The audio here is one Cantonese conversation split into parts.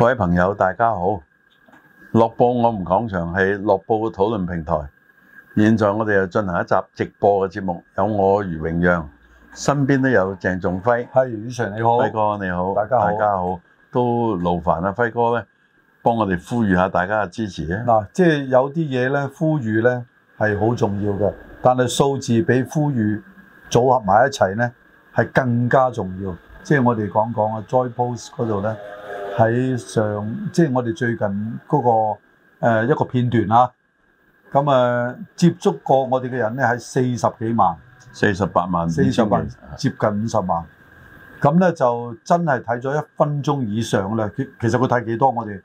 各位朋友，大家好！樂報我唔講場，係樂報嘅討論平台。現在我哋又進行一集直播嘅節目，有我余榮讓，身邊都有鄭仲輝。係余主席你好，輝哥你好，大家好，大家好，都勞煩啊，輝哥咧，幫我哋呼籲下大家嘅支持嗱，即係有啲嘢咧，呼籲咧係好重要嘅，但係數字比呼籲組合埋一齊咧係更加重要。即係我哋講講個 Joypost 嗰度咧。Joypost 喺上即係我哋最近嗰個誒一個片段啦，咁誒接觸過我哋嘅人咧係四十幾萬，四十八萬，四十萬接近五十萬。咁咧就真係睇咗一分鐘以上啦。其實佢睇幾多？我哋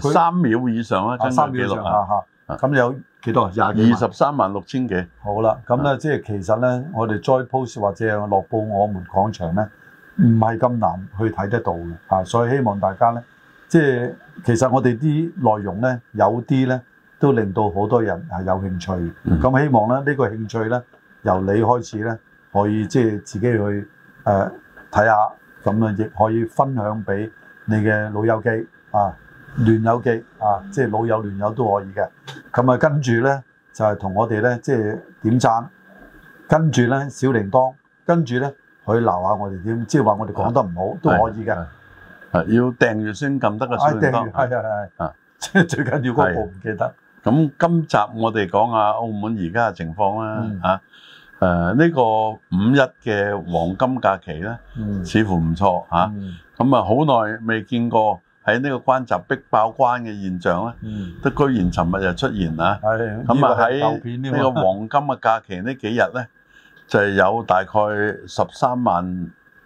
誒三秒以上啦，三秒以上嚇嚇。咁有幾多？廿二十三萬六千幾。好啦，咁咧即係其實咧，我哋再 post 或者落報我們講場咧。唔係咁難去睇得到嘅，啊！所以希望大家呢，即係其實我哋啲內容呢，有啲呢都令到好多人係有興趣。咁、嗯、希望呢呢、呢個興趣呢，由你開始呢，可以即係自己去誒睇下，咁、呃、樣亦可以分享俾你嘅老友記啊、聯友記啊，即、就、係、是、老友聯友都可以嘅。咁啊，跟住呢，就係、是、同我哋呢，即、就、係、是、點讚，跟住呢，小鈴鐺跟住呢。可以鬧下我哋點，即係話我哋講得唔好都可以噶。要訂閱先撳得嘅、嗯。啊，訂住，啊即係最緊要嗰個唔記得。咁今集我哋講下澳門而家嘅情況啦。呢個五一嘅黃金假期咧、嗯，似乎唔錯咁啊，好耐未見過喺呢個關閘逼爆關嘅現象咧、嗯，都居然尋日又出現啦。咁啊喺呢個黃金嘅假期幾呢幾日咧？嗯 就係、是、有大概十三萬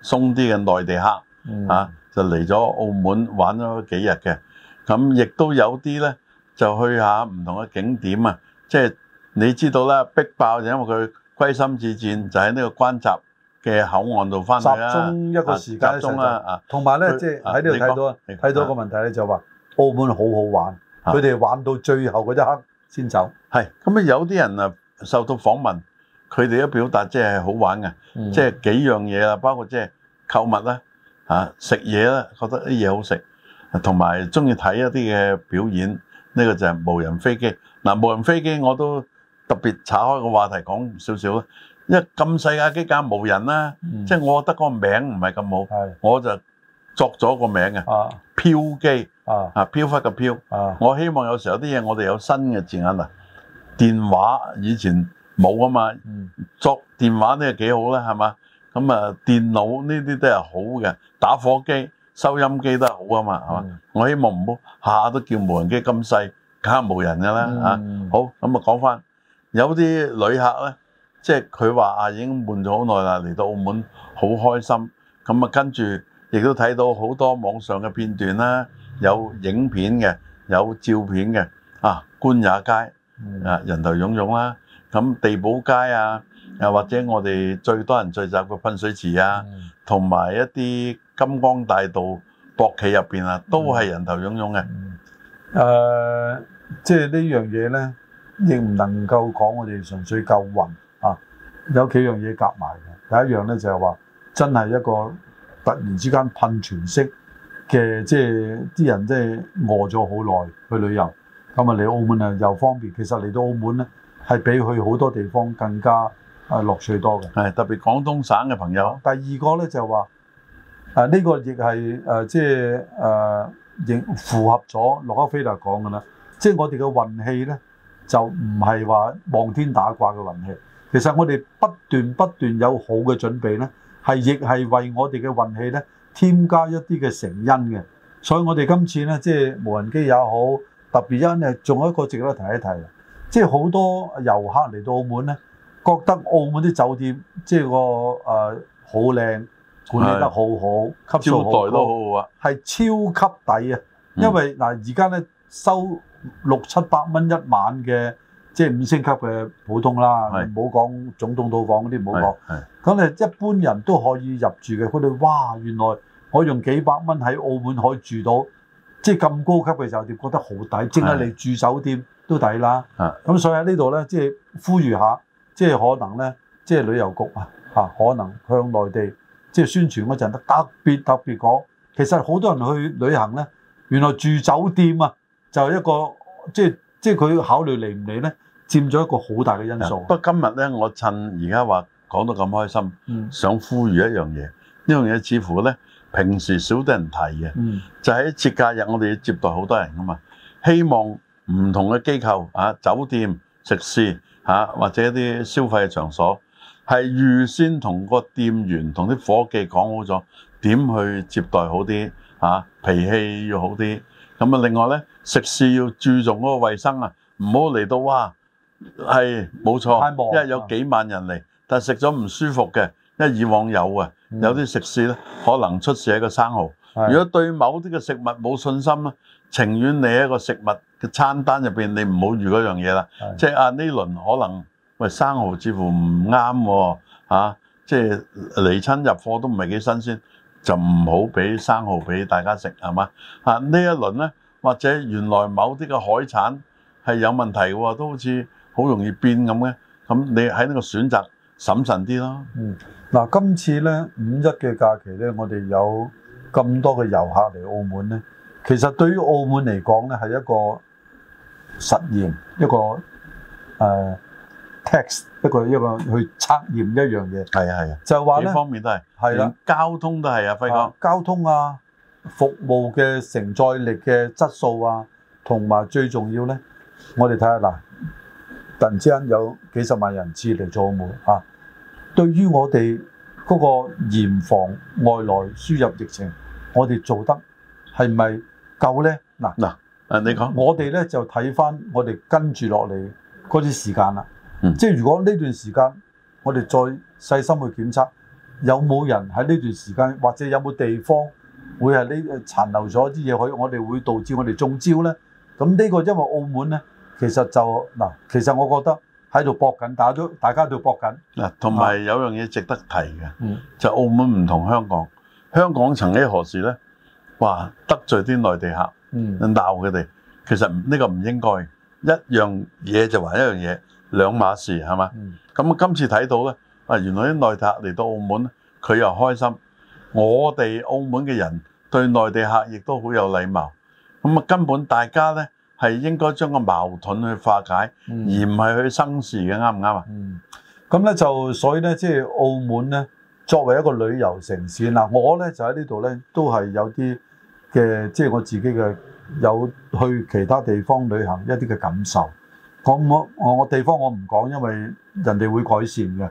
鬆啲嘅內地客、嗯、啊，就嚟咗澳門玩咗幾日嘅，咁亦都有啲咧就去下唔同嘅景點啊。即、就、係、是、你知道啦，逼爆就因為佢歸心似箭，就喺呢個關閘嘅口岸度翻嚟，啦。集中一個時間啊，集中啊。同埋咧，即係喺呢度睇到睇到個問題咧，就話澳門好好玩，佢、啊、哋玩到最後嗰一刻先走。係咁啊，有啲人啊受到訪問。佢哋嘅表達即係好玩嘅、嗯，即係幾樣嘢啦，包括即係購物啦，嚇、啊、食嘢啦，覺得啲嘢好食，同埋中意睇一啲嘅表演。呢、這個就係無人飛機。嗱、啊，無人飛機我都特別炒開個話題講少少啦，因為咁細架機架無人啦、啊嗯，即係我覺得嗰個名唔係咁好，我就作咗個名嘅。啊，飄機啊，飄飄啊飄忽嘅飄。我希望有時候有啲嘢我哋有新嘅字眼啊，電話以前。冇啊嘛，作電話呢係幾好啦，係嘛？咁啊電腦呢啲都係好嘅，打火機、收音機都係好啊嘛，係嘛？我希望唔好下下都叫無人機咁細，梗係無人㗎啦嚇。好，咁啊，講翻有啲旅客咧，即係佢話啊已經悶咗好耐啦，嚟到澳門好開心。咁啊跟住亦都睇到好多網上嘅片段啦，有影片嘅，有照片嘅啊，官也街啊人頭湧湧啦。咁地堡街啊，又或者我哋最多人聚集嘅噴水池啊，同埋一啲金光大道博企入邊啊，都係人頭湧湧嘅。誒，即係呢樣嘢咧，亦唔能夠講我哋純粹夠運啊，有幾樣嘢夾埋嘅。第一樣咧就係話，真係一個突然之間噴泉式嘅，即係啲人即係餓咗好耐去旅遊，咁啊嚟澳門啊又方便。其實嚟到澳門咧。係比去好多地方更加啊樂趣多嘅，係特別廣東省嘅朋友，啊。第二個咧就話，啊呢、這個亦係誒即係誒亦符合咗洛克菲特的就講嘅啦，即係我哋嘅運氣咧就唔係話望天打卦嘅運氣。其實我哋不斷不斷有好嘅準備咧，係亦係為我哋嘅運氣咧添加一啲嘅成因嘅。所以我哋今次咧即係無人機也好，特別因誒仲有一個值得提一提。即係好多遊客嚟到澳門咧，覺得澳門啲酒店即係個誒好靚，管理得好好，接待都好好啊，係超級抵啊！因為嗱，而家咧收六七百蚊一晚嘅，即係五星級嘅普通啦，唔好講總統套房嗰啲唔好講。咁你一般人都可以入住嘅，佢哋話哇原來我用幾百蚊喺澳門可以住到。即係咁高級嘅酒店，覺得好抵，即係你住酒店都抵啦。咁、嗯、所以喺呢度咧，即係呼籲下，即係可能咧，即係旅遊局啊，可能向內地即係宣傳嗰陣，特別特別講，其實好多人去旅行咧，原來住酒店啊，就係、一個即係即係佢考慮嚟唔嚟咧，佔咗一個好大嘅因素。不過今日咧，我趁而家話講得咁開心、嗯，想呼籲一樣嘢，呢樣嘢似乎咧。平時少得人提嘅，就喺節假日我哋要接待好多人噶嘛。希望唔同嘅機構啊、酒店、食肆啊，或者一啲消費嘅場所，係預先同個店員、同啲伙計講好咗點去接待好啲，嚇、啊、脾氣要好啲。咁啊，另外咧，食肆要注重嗰個衞生啊，唔好嚟到哇係冇錯，因、哎、為有幾萬人嚟、嗯，但食咗唔舒服嘅。因為以往有啊，有啲食肆咧可能出事喺個生蠔。如果對某啲嘅食物冇信心咧，情願你喺個食物嘅餐單入邊，你唔好預嗰樣嘢啦。即係啊呢輪可能喂生蠔似乎唔啱喎，嚇！即係嚟親入貨都唔係幾新鮮，就唔好俾生蠔俾大家食係嘛？啊呢一輪咧，或者原來某啲嘅海產係有問題嘅，都好似好容易變咁嘅。咁你喺呢個選擇，審慎啲咯。嗯，嗱，今次咧五一嘅假期咧，我哋有咁多嘅遊客嚟澳門咧，其實對於澳門嚟講咧，係一個實驗，一個誒 test，一個一個去測驗一樣嘢。係啊係啊，就係話咧，幾方面都係，係啦，交通都係啊，輝哥。啊，交通啊，服務嘅承載力嘅質素啊，同埋最重要咧，我哋睇下嗱。突然之間有幾十萬人次嚟做澳門嚇、啊，對於我哋嗰個嚴防外來輸入疫情，我哋做得係咪夠咧？嗱嗱，誒你講，我哋咧就睇返我哋跟住落嚟嗰啲時間啦、嗯。即係如果呢段時間我哋再細心去檢測，有冇人喺呢段時間，或者有冇地方會係呢個殘留咗啲嘢，去我哋會導致我哋中招咧？咁、這、呢個因為澳門咧。其實就嗱，其實我覺得喺度搏緊，但都大家都搏緊。嗱，同埋有樣嘢值得提嘅、嗯，就是、澳門唔同香港。香港曾經何時咧，話得罪啲內地客，鬧佢哋，其實呢個唔應該。一樣嘢就話一樣嘢，兩碼事係嘛？咁啊，今、嗯、次睇到咧，啊原來啲內地客嚟到澳門，佢又開心。我哋澳門嘅人對內地客亦都好有禮貌。咁啊，根本大家咧。係應該將個矛盾去化解，而唔係去生事嘅，啱唔啱啊？咁咧就所以咧，即係澳門咧，作為一個旅遊城市嗱，我咧就喺呢度咧，都係有啲嘅，即係我自己嘅有去其他地方旅行一啲嘅感受。我我我地方我唔講，因為人哋會改善嘅。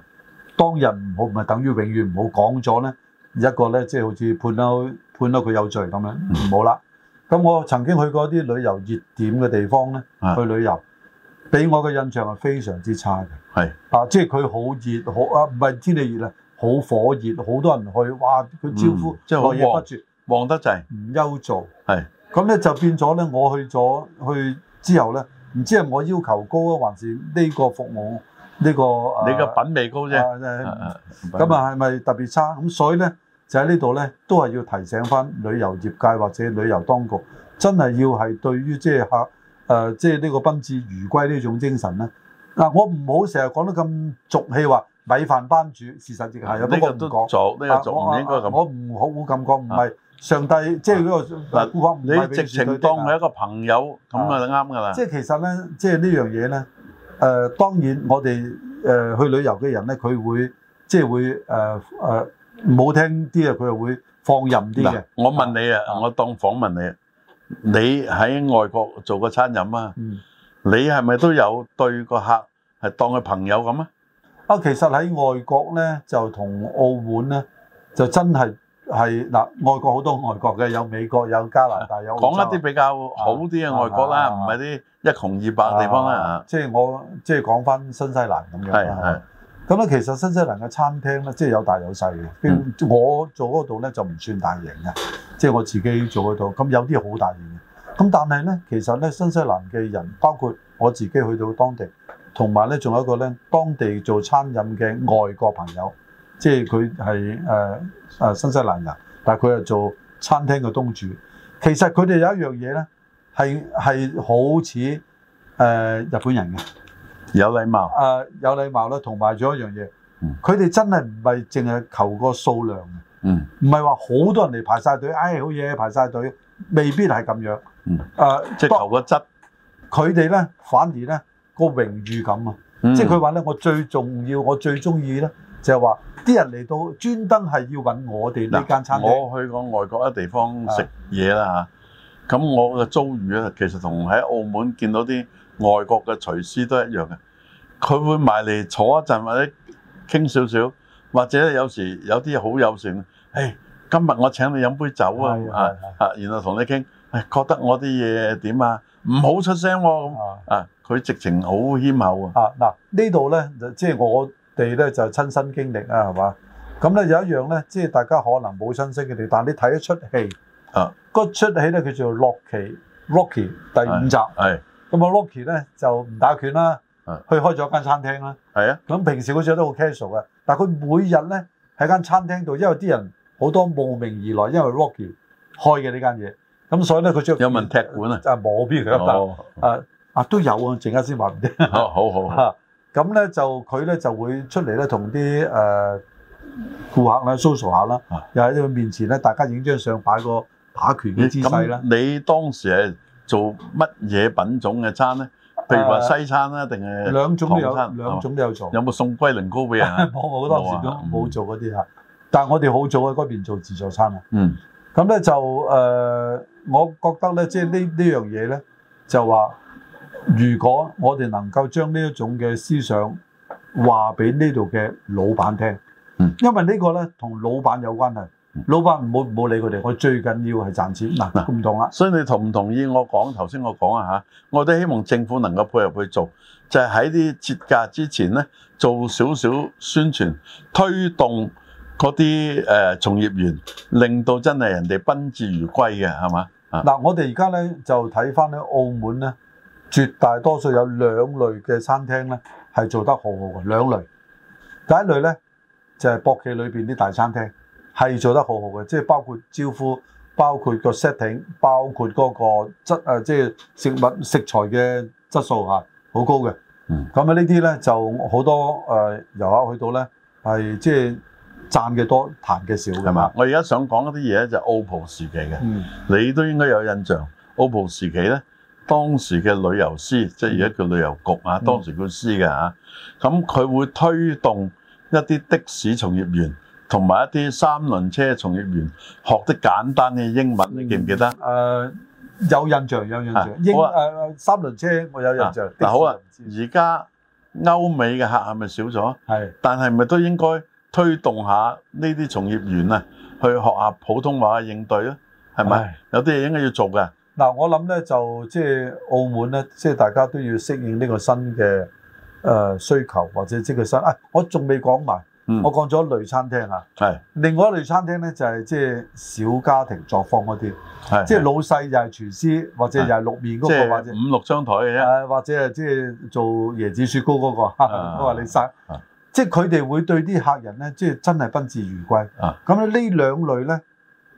當日唔好，唔係等於永遠唔好講咗咧。一個咧，即係好似判到判到佢有罪咁樣，唔好啦。咁我曾經去過啲旅遊熱點嘅地方咧，去旅遊，俾我嘅印象係非常之差嘅。係啊，即係佢好熱，好啊，唔係天氣熱啊，好火熱，好多人去，哇！佢招呼，即係好旺，旺得滯，唔憂做。係咁咧，就變咗咧，我去咗去之後咧，唔知係我要求高啊，還是呢個服務呢個誒？你嘅品味高啫，咁啊係咪特別差？咁所以咧。就喺、是、呢度咧，都係要提醒翻旅遊業界或者旅遊當局，真係要係對於即係客誒，即係呢個賓至如歸呢種精神咧。嗱、啊，我唔好成日講得咁俗氣，話米飯班主，事實係有、啊、不過唔講。呢、這、呢個唔、啊這個、應該咁、啊。我唔好好咁講，唔、啊、係、啊、上帝，即係嗰個。嗱、啊啊，你直情的當係一個朋友，咁啊啱㗎啦。即係、啊就是、其實咧，即、就、係、是、呢樣嘢咧。誒、呃，當然我哋誒、呃、去旅遊嘅人咧，佢會即係、就是、會誒誒。呃呃唔好聽啲啊，佢又會放任啲嘅。嗱，我問你啊，我當訪問你啊，你喺外國做個餐飲啊，你係咪都有對個客係當佢朋友咁啊？啊，其實喺外國咧，就同澳門咧，就真係係嗱，外國好多外國嘅，有美國，有加拿大，有講一啲比較好啲嘅外國啦，唔係啲一窮二白嘅地方啦。即係我即係講翻新西蘭咁樣啦。咁咧，其實新西蘭嘅餐廳咧，即係有大有細嘅、嗯。我做嗰度咧就唔算大型嘅，即係我自己做嗰度。咁有啲好大型嘅。咁但係咧，其實咧，新西蘭嘅人，包括我自己去到當地，同埋咧仲有一個咧，當地做餐飲嘅外國朋友，即係佢係誒誒新西蘭人，但係佢係做餐廳嘅東主。其實佢哋有一樣嘢咧，係係好似誒日本人嘅。有禮貌，呃、有禮貌啦，同埋仲有一樣嘢，佢、嗯、哋真係唔係淨係求個數量，嗯，唔係話好多人嚟排晒隊，哎好嘢排晒隊，未必係咁樣，嗯，呃、即係求個質，佢哋咧反而咧、個榮譽感啊，即佢話咧我最重要，我最中意咧就係話啲人嚟到專登係要搵我哋呢間餐廳。我去過外國一地方食嘢啦吓，咁我嘅遭遇咧其實同喺澳門見到啲。外國嘅廚師都一樣嘅，佢會埋嚟坐一陣或者傾少少，或者有時有啲好友善。誒、哎，今日我請你飲杯酒啊！啊啊，然後同你傾、哎，覺得我啲嘢點啊？唔好出聲喎咁啊！佢直情好謙厚啊！啊嗱，啊呢度咧就即、是、係我哋咧就親、是、身經歷啊，係嘛？咁咧有一樣咧，即、就、係、是、大家可能冇親身嘅地，但你睇一出戲啊，嗰出戲咧叫做《洛奇》（Rocky） 第五集。咁啊，Rocky 咧就唔打拳啦、啊，去開咗間餐廳啦。係啊，咁平時佢著都好 casual 嘅，但佢每日咧喺間餐廳度，因為啲人好多慕名而來，因為 Rocky 開嘅呢間嘢，咁所以咧佢著有問踢館啊？就冇必要啦。誒、哦、啊，啊都有啊，陣間先話唔定哦，好好。咁咧、啊、就佢咧就會出嚟咧同啲誒顧客咧 social 下啦，又喺佢面前咧大家影張相擺個打拳嘅姿勢啦。欸、你當時做乜嘢品種嘅餐咧？譬如話西餐啦，定係唐餐？兩種都有，兩種都有做。有冇送龜苓膏俾人啊？我嗰當時冇冇做嗰啲嚇，但係我哋好早喺嗰邊做自助餐啊。嗯。咁咧就誒，我覺得咧，即係呢呢樣嘢咧，就話如果我哋能夠將呢一種嘅思想話俾呢度嘅老闆聽，嗯，因為呢個咧同老闆有關係。老闆唔好唔好理佢哋，我最緊要係賺錢。嗱，唔同啦。所以你同唔同意我講頭先我講啊吓，我都希望政府能夠配合去做，就係喺啲節假之前咧，做少少宣傳，推動嗰啲誒從業員，令到真係人哋賓至如歸嘅，係嘛？嗱，我哋而家咧就睇翻喺澳門咧，絕大多數有兩類嘅餐廳咧係做得好好嘅，兩類。第一類咧就係博企裏邊啲大餐廳。係做得好好嘅，即係包括招呼，包括個 setting，包括嗰個質啊，即係食物食材嘅質素啊，好高嘅。嗯。咁啊，呢啲咧就好多誒遊客去到咧係即係讚嘅多，彈嘅少的。係嘛？我而家想講一啲嘢就就係、Oppo 時期嘅、嗯，你都應該有印象。Oppo、嗯、時期咧，當時嘅旅遊司，即係而家叫旅遊局啊，嗯、當時個司嘅啊，咁佢會推動一啲的士從業員。同埋一啲三輪車的從業員學得簡單嘅英文，你記唔記得？誒、呃、有印象有印象英、誒、啊呃、三輪車我有印象。嗱、啊、好啊，而家歐美嘅客係咪少咗？係，但係咪都應該推動下呢啲從業員啊，去學下普通話嘅應對咧？係咪？有啲嘢應該要做嘅。嗱我諗咧就即係澳門咧，即係大家都要適應呢個新嘅誒、呃、需求，或者即係新啊，我仲未講埋。嗯、我講咗類餐廳啦，係另外一類餐廳咧，就係即係小家庭作坊嗰啲，係即係老細又係廚師或者又係樓面嗰、那個是，或者是五六張台嘅啫，或者啊即係做椰子雪糕嗰、那個，都話、啊、 李生，即係佢哋會對啲客人咧，即、就、係、是、真係賓至如歸，咁、啊、呢兩類咧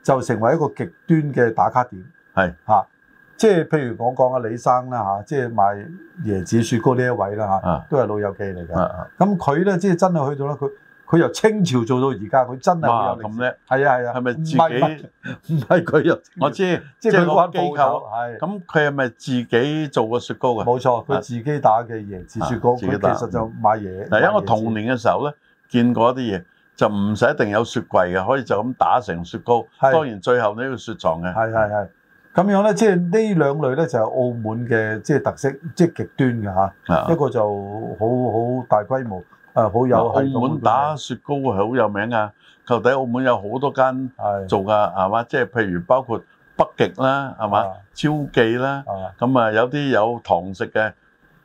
就成為一個極端嘅打卡點，係嚇、啊，即係、啊、譬如我講阿李生啦嚇，即係賣椰子雪糕呢一位啦嚇、啊，都係老友記嚟嘅，咁佢咧即係真係去到咧佢。佢由清朝做到而家，佢真係有咁叻？係啊係啊，係咪、啊、自己？唔係佢又我知，即係攞機構係咁，佢係咪自己做過雪糕嘅？冇錯，佢自己打嘅椰子雪糕。佢、啊、其實就買嘢。嗱、啊，因為我童年嘅時候咧，見過一啲嘢，就唔使一定有雪櫃嘅，可以就咁打成雪糕。啊、當然最後呢個雪藏嘅。係係係。咁、啊、樣咧，即係呢兩類咧就係、是、澳門嘅即係特色，即係極端㗎、啊。一個就好好大規模。啊，好有，澳有名！澳門打雪糕係好有名啊！舊底澳門有好多間做㗎，係嘛？即係、就是、譬如包括北極啦，係嘛？超記啦，咁啊有啲有堂食嘅，誒、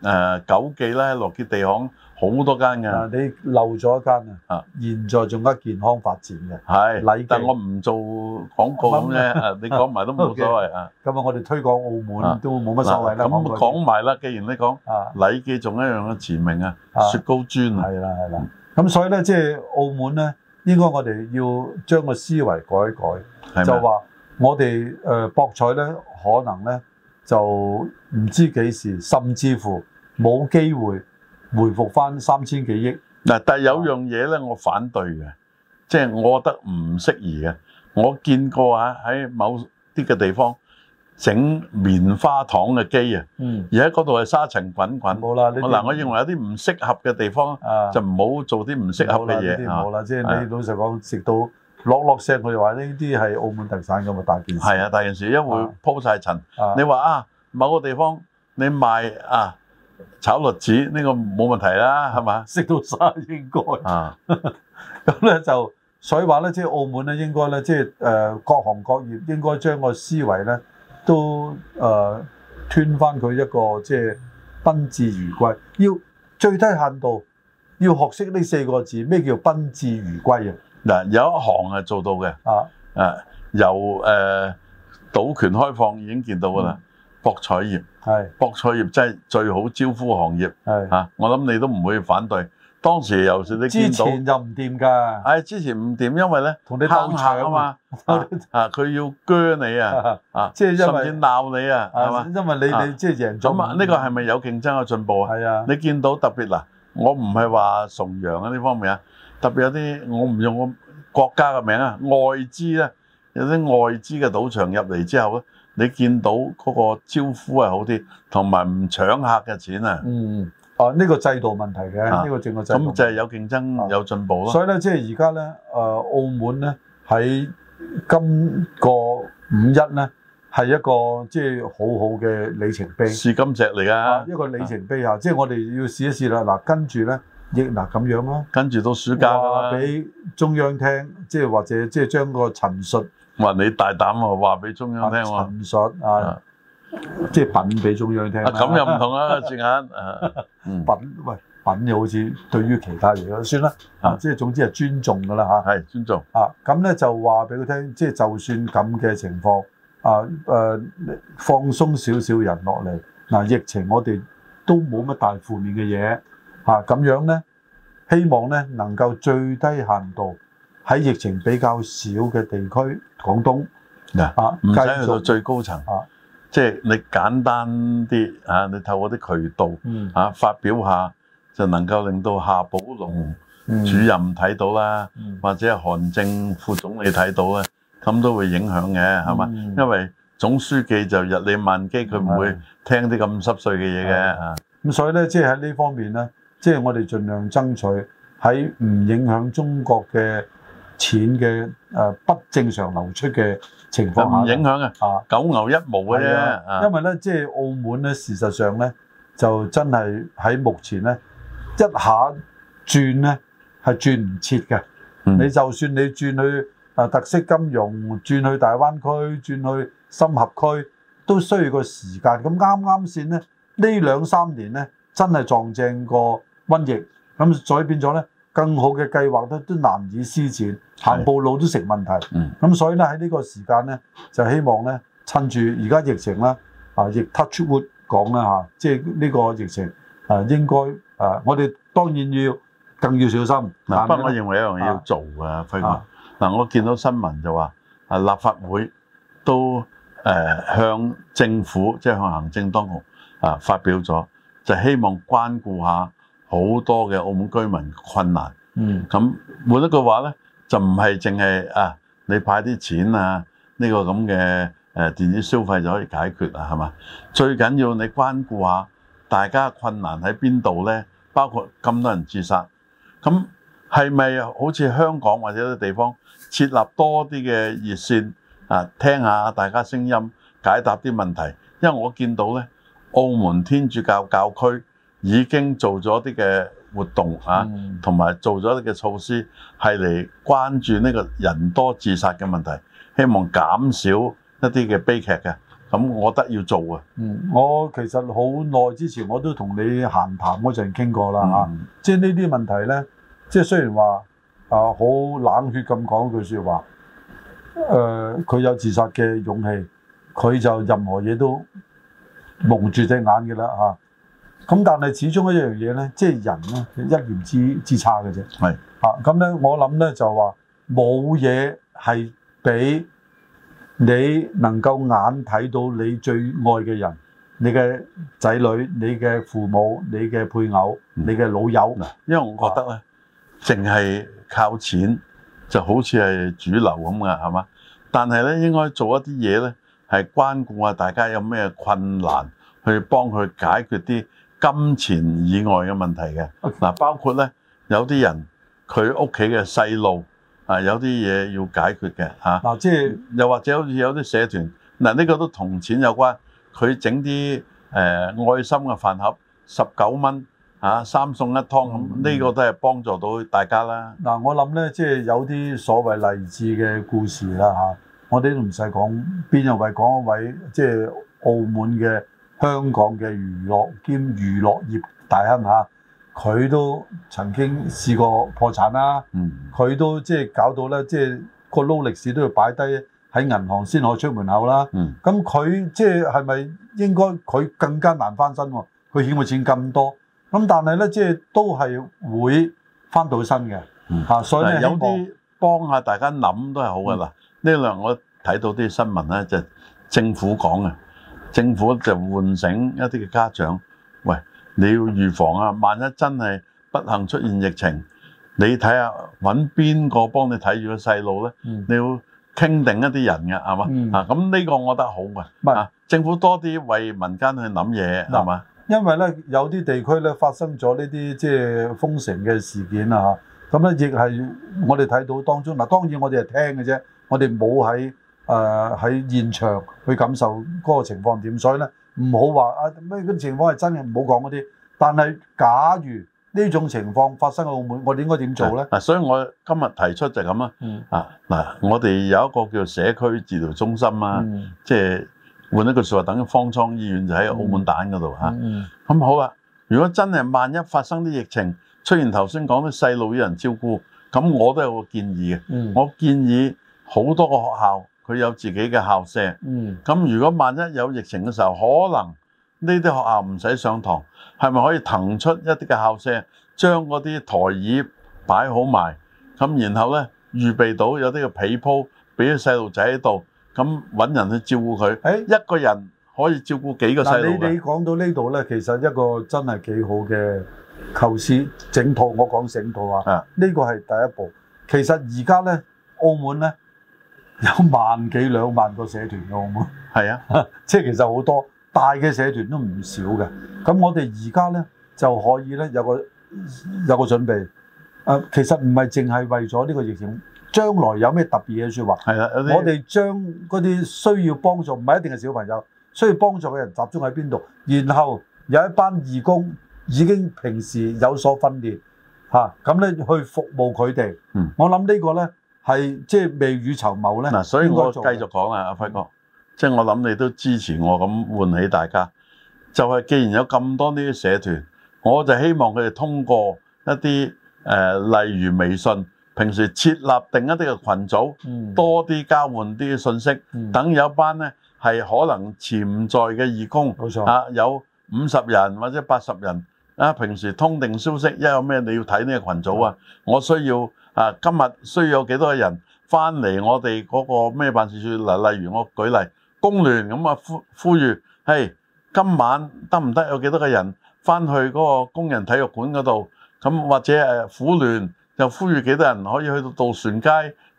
呃、九記啦，羅結地巷。好多間嘅，你漏咗一間啊！現在仲加健康發展嘅，係禮記，但係我唔做廣告咁咧，你講埋都冇所謂啊！咁啊，我哋推廣澳門都冇乜所謂啦。咁講埋啦，既然你講，禮記仲一樣嘅馳名啊，雪糕磚啊，係啦係啦。咁所以咧，即係澳門咧，應該我哋要將個思維改一改，就話我哋誒博彩咧，可能咧就唔知幾時，甚至乎冇機會。回復翻三千幾億嗱，但係有樣嘢咧，我反對嘅，即係我覺得唔適宜嘅。我見過啊，喺某啲嘅地方整棉花糖嘅機啊，嗯，而喺嗰度係沙塵滾滾，冇啦。嗱，我認為有啲唔適合嘅地方就唔好做啲唔適合嘅嘢啊。冇啦，即係你老實講，食到落落石，佢哋話呢啲係澳門特產咁嘅大件事。係啊，大件事，因為鋪曬塵。你話啊，某個地方你賣啊？炒栗子呢，這個冇問題啦，係嘛？食到晒應該啊，咁咧就所以話咧，即係澳門咧，應該咧，即係誒，各行各業應該將個思維咧都誒，吞翻佢一個即係、就是、賓至如歸。要最低限度要學識呢四個字，咩叫賓至如歸啊？嗱，呃，有一行係做到嘅啊，誒、呃，由誒賭權開放已經見到噶啦。嗯博彩業係，博彩業真係最好招呼行業係啊。我諗你都唔會反對。當時尤其你見到之前就唔掂㗎。係、哎、之前唔掂，因為咧同你鬥下㗎嘛。啊，佢要鋸你啊，啊，甚至鬧你啊，係嘛、就是啊？因為你你即係贏咗。咁啊，呢個係咪有競爭嘅進步啊？啊，你見到特別嗱、啊，我唔係話崇洋啊呢方面啊。特別有啲我唔用國家嘅名啊，外資咧、啊、有啲外資嘅賭場入嚟之後咧。你見到嗰個招呼係好啲，同埋唔搶客嘅錢啊！嗯啊呢、呢個制度問題嘅，呢、啊呢個正確咁就係有競爭，啊、有進步咯。所以咧，即係而家咧，誒、啊、澳門咧喺今個五一咧，係一個即係好好嘅里程碑。試金石嚟㗎，一個里程碑啊！即係我哋要試一試啦。嗱、啊，跟住咧亦嗱咁樣啦。跟住到暑假啦，俾中央聽，即係或者即係將個陳述。話你大膽喎，話俾中央聽喎，陳述啊，即係品俾中央聽。咁又唔同啊，轉 眼品喂品又好似對於其他嘢，算啦啊，即係總之係尊重噶啦吓，係尊重啊，咁咧就話俾佢聽，即係就算咁嘅情況啊，呃、放鬆少少人落嚟嗱，疫情我哋都冇乜大負面嘅嘢吓，咁樣咧希望咧能夠最低限度。喺疫情比較少嘅地區，廣東嗱，唔使去到最高層，即係你簡單啲啊，你透過啲渠道啊發表下，就能夠令到夏寶龍主任睇到啦，或者韓正副總理睇到咧，咁都會影響嘅，係嘛？因為總書記就日理萬機，佢唔會聽啲咁濕碎嘅嘢嘅。咁所以咧，即係喺呢方面咧，即係我哋盡量爭取喺唔影響中國嘅。錢嘅誒不正常流出嘅情況下，影響啊，九牛一毛嘅啫。因為咧，即係澳門咧，事實上咧，就真係喺目前咧，一下轉咧係轉唔切嘅。你就算你轉去誒特色金融，轉去大灣區，轉去深合區，都需要個時間。咁啱啱先咧，呢兩三年咧，真係撞正個瘟疫，咁所以變咗咧。更好嘅計劃都都難以施展，行步路都成問題。咁、嗯、所以咧喺呢在這個時間咧，就希望咧趁住而家疫情咧啊，亦 touch wood 講啦嚇，即係呢個疫情啊，應該啊、呃，我哋當然要更要小心。不過，我認為一樣嘢要做嘅，輝哥。嗱，我見到新聞就話啊，立法會都誒、呃、向政府即係向行政當局啊、呃、發表咗，就希望關顧下。好多嘅澳門居民困難，嗯，咁換一句話咧，就唔係淨係啊，你派啲錢啊，呢個咁嘅誒電子消費就可以解決啦，係嘛？最緊要你關顧下大家嘅困難喺邊度咧，包括咁多人自殺，咁係咪好似香港或者啲地方設立多啲嘅熱線啊，聽下大家聲音，解答啲問題？因為我見到咧，澳門天主教教區。已經做咗啲嘅活動啊，同埋做咗啲嘅措施，係嚟關注呢個人多自殺嘅問題，希望減少一啲嘅悲劇嘅。咁我覺得要做啊。嗯，我其實好耐之前我都同你閒談嗰陣傾過啦嚇、嗯啊，即係呢啲問題咧，即係雖然話啊好冷血咁講句說話，誒、呃、佢有自殺嘅勇氣，佢就任何嘢都蒙住隻眼嘅啦嚇。啊。咁但係始終一樣嘢咧，即係人咧一言之之差嘅啫。咁咧、啊、我諗咧就話冇嘢係俾你能夠眼睇到你最愛嘅人，你嘅仔女、你嘅父母、你嘅配偶、嗯、你嘅老友。因為我覺得咧，淨係靠錢就好似係主流咁嘅，係嘛？但係咧應該做一啲嘢咧，係關顧下大家有咩困難，去幫佢解決啲。金錢以外嘅問題嘅，嗱，包括咧有啲人佢屋企嘅細路啊，有啲嘢要解決嘅嚇。嗱，即係又或者好似有啲社團，嗱，呢個都同錢有關。佢整啲誒愛心嘅飯盒，十九蚊啊，三餸一湯咁，呢個都係幫助到大家啦。嗱，我諗咧，即係有啲所謂勵志嘅故事啦嚇，我哋都唔使講邊一位講一位，即係澳門嘅。香港嘅娛樂兼娛樂業大亨，下佢都曾經試過破產啦。佢、嗯、都即係搞到咧，即、就、係、是、個勞力士都要擺低喺銀行先可以出門口啦。咁佢即係係咪應該佢更加難翻身喎？佢欠嘅錢咁多，咁但係咧即係都係會翻到身嘅、嗯、所以呢有啲幫下大家諗都係好嘅啦。呢、嗯、兩我睇到啲新聞咧就係、政府講嘅。政府就喚醒一啲嘅家長，喂，你要預防啊！萬一真係不幸出現疫情，你睇下揾邊個幫你睇住個細路咧？你要傾定一啲人嘅，係嘛？啊，咁呢個我覺得好嘅，啊，政府多啲為民間去諗嘢，係嘛？因為咧，有啲地區咧發生咗呢啲即係封城嘅事件啊，嚇！咁咧亦係我哋睇到當中嗱，當然我哋係聽嘅啫，我哋冇喺誒喺現場去感受嗰個情況點，所以咧唔好話啊咩嗰啲情況係真嘅，唔好講嗰啲。但係假如呢種情況發生喺澳門，我哋應該點做咧？嗱，所以我今日提出就係咁啊。嗯。啊嗱，我哋有一個叫社區治療中心啊，即係換一句説話，等於方艙醫院就喺澳門蛋嗰度嚇。嗯。咁好啦，如果真係萬一發生啲疫情，出現頭先講啲細路要人照顧，咁我都有個建議嘅。嗯。我建議好多個學校。佢有自己嘅校舍，嗯，咁如果萬一有疫情嘅時候，可能呢啲學校唔使上堂，係咪可以騰出一啲嘅校舍，將嗰啲枱椅擺好埋，咁然後咧預備到有啲嘅被鋪俾啲細路仔喺度，咁搵人去照顧佢。誒，一個人可以照顧幾個細路？嗱，你你講到呢度咧，其實一個真係幾好嘅構思整套，我講整套啊，呢個係第一步。其實而家咧，澳門咧。有萬幾兩萬個社團嘅好冇？係啊，即 係其實好多大嘅社團都唔少嘅。咁我哋而家呢，就可以呢，有個有個準備。誒、呃，其實唔係淨係為咗呢個疫情，將來有咩特別嘅説話？係啊，我哋將嗰啲需要幫助，唔係一定係小朋友需要幫助嘅人集中喺邊度，然後有一班義工已經平時有所訓練嚇，咁、啊、呢去服務佢哋、嗯。我諗呢個呢。係即係未雨綢繆咧。嗱，所以我繼續講啊，阿輝哥，即係我諗你都支持我咁喚起大家，就係既然有咁多呢啲社團，我就希望佢哋通過一啲、呃、例如微信，平時設立定一啲嘅群組，嗯、多啲交換啲信息，嗯、等有一班咧係可能潛在嘅義工，冇錯、嗯、啊，有五十人或者八十人啊，平時通定消息，一有咩你要睇呢個群組啊、嗯，我需要。啊，今日需要有幾多個人翻嚟，我哋嗰個咩辦事處？嗱，例如我舉例工聯咁啊，呼呼籲，嘿，今晚得唔得有幾多個人翻去嗰個工人體育館嗰度？咁或者誒，婦、啊、聯就呼籲幾多人可以去到渡船街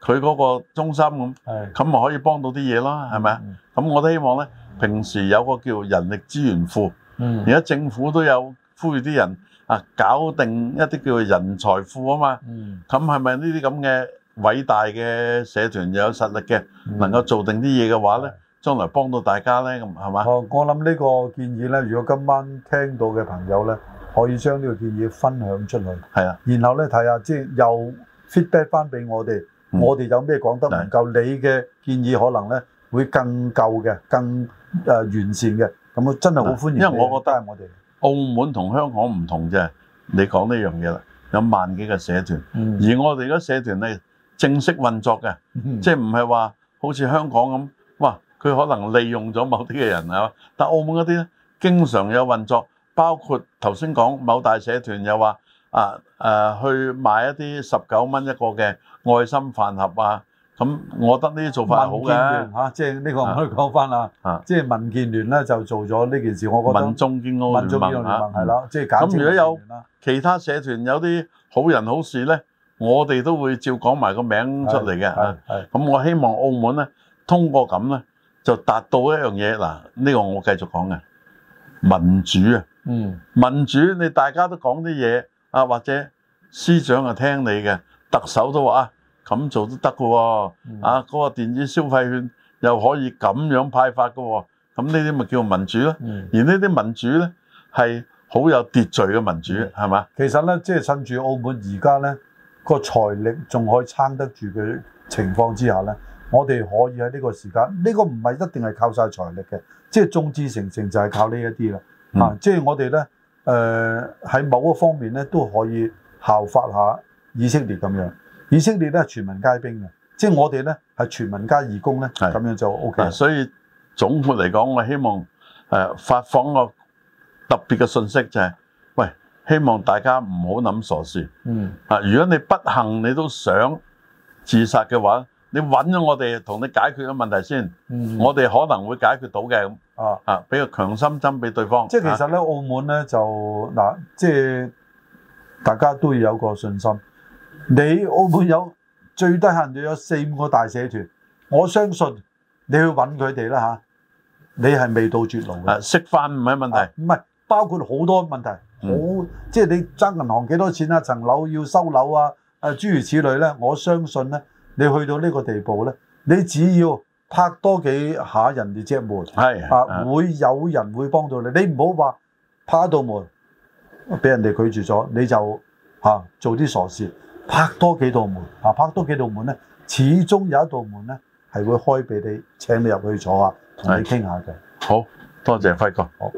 佢嗰個中心咁，咁咪可以幫到啲嘢咯？係咪啊？咁、嗯、我都希望咧，平時有個叫人力資源庫，嗯，而家政府都有呼籲啲人。啊！搞掂一啲叫做人財富啊嘛，咁係咪呢啲咁嘅偉大嘅社團又有實力嘅，能夠做定啲嘢嘅話咧，將來幫到大家咧，咁係嘛？哦，我諗呢個建議咧，如果今晚聽到嘅朋友咧，可以將呢個建議分享出去，係啊，然後咧睇下即係又 feedback 翻俾我哋，我哋有咩講得唔夠，你嘅建議可能咧會更夠嘅，更誒完善嘅，咁啊真係好歡迎。因為我覺得係我哋。澳門同香港唔同啫，你講呢樣嘢啦，有萬幾個社團，而我哋個社團係正式運作嘅， 即係唔係話好似香港咁，哇佢可能利用咗某啲嘅人啊，但澳門嗰啲咧經常有運作，包括頭先講某大社團又話啊，誒去買一啲十九蚊一個嘅愛心飯盒啊。咁我覺得呢啲做法好嘅，嚇，即係呢個唔可以講翻啦，即係民建聯咧、啊就是啊啊、就，就做咗呢件事，我覺得民眾、啊啊就是、建澳聯盟嚇係啦，即係咁如果有其他社團有啲好人好事咧，我哋都會照講埋個名出嚟嘅嚇。咁我希望澳門咧通過咁咧，就達到一樣嘢嗱，呢、呢個我繼續講嘅民主啊，嗯，民主你大家都講啲嘢啊，或者司長啊聽你嘅特首都話。咁做都得㗎喎，啊，嗰、那個電子消費券又可以咁樣派發㗎喎、啊，咁呢啲咪叫民主咯、啊嗯？而呢啲民主呢，係好有秩序嘅民主，係、嗯、嘛？其實呢，即、就、係、是、趁住澳門而家呢個財力仲可以撐得住嘅情況之下呢，我哋可以喺呢個時間，呢、這個唔係一定係靠晒財力嘅，即係眾志成城就係靠呢一啲啦、嗯。啊，即、就、係、是、我哋呢，誒、呃、喺某一方面呢，都可以效法下以色列咁樣。以色列都係全民皆兵嘅，即係我哋咧係全民加義工咧，咁樣就 OK。所以總括嚟講，我希望誒發放個特別嘅信息就係：喂，希望大家唔好諗傻事。嗯啊，如果你不幸你都想自殺嘅話，你揾咗我哋同你解決個問題先。嗯，我哋可能會解決到嘅咁。啊啊，俾個強心針俾對方。即係其實咧，啊，澳門咧就嗱，即係大家都要有一個信心。你澳門有最低限度有四五個大社團，我相信你去揾佢哋啦嚇。你係未到絕路的，嘅、啊，食飯唔係問題，唔、啊、係包括好多問題，好、嗯、即係你爭銀行幾多錢啊？層樓要收樓啊？誒、啊、諸如此類咧。我相信咧，你去到呢個地步咧，你只要拍多幾下人哋隻門，係啊會有人會幫到你。你唔好話拍到道門俾人哋拒絕咗，你就嚇、啊、做啲傻事。拍多幾道門，拍多幾道門呢，始終有一道門呢係會開俾你，請你入去坐下，同你傾下嘅。好，多謝輝哥。好